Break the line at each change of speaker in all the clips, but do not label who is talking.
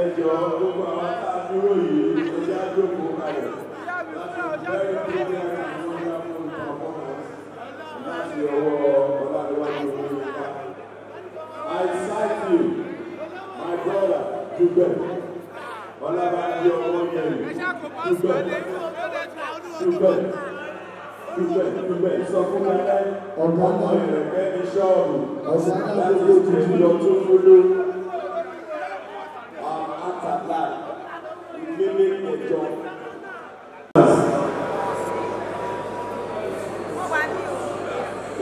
ẹ jọ gbogbo àwọn tá a dúró yìí ọjà jókòó kalẹ̀ láti bẹ́ẹ̀ tó ní àwọn ọjà fún ìpamọ́mọ́ láti ọwọ́ ọ̀làdéwájú olùkọ́. I cite you, my brother, Dugbe, Ọlábàájọ Ọmọyẹlì, Dugbe, Dugbe, Dugbe, Dugbe, sọ fún mi láyé ọmọ ìrẹ̀kẹ́ ní ṣọ́ọ̀bù láti gbogbo tuntun lọ tó fún lórí.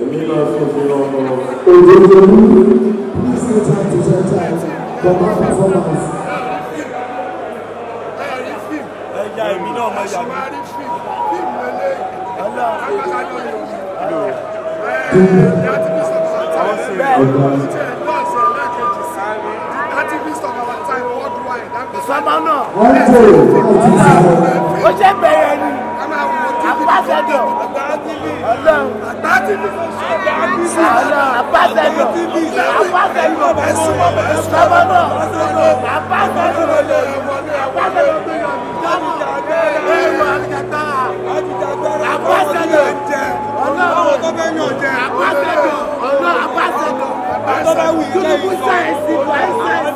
èmi náà sì fi lọ́wọ́. òjòjòmú last eight àbáṣẹ́dọ̀ àbáṣẹ́dọ̀ àbáṣẹ́dọ̀ gọ́vọ́nọ̀ àbáṣẹ́dọ̀ àbáṣẹ́dọ̀ àbáṣẹ́dọ̀ ọlọ́run tó fẹ́ yàn jẹ àbáṣẹ́dọ̀ ọlọ́run àbáṣẹ́dọ̀ àbáṣẹ́dọ̀ tó bá wù yín lẹ́yìn lọ.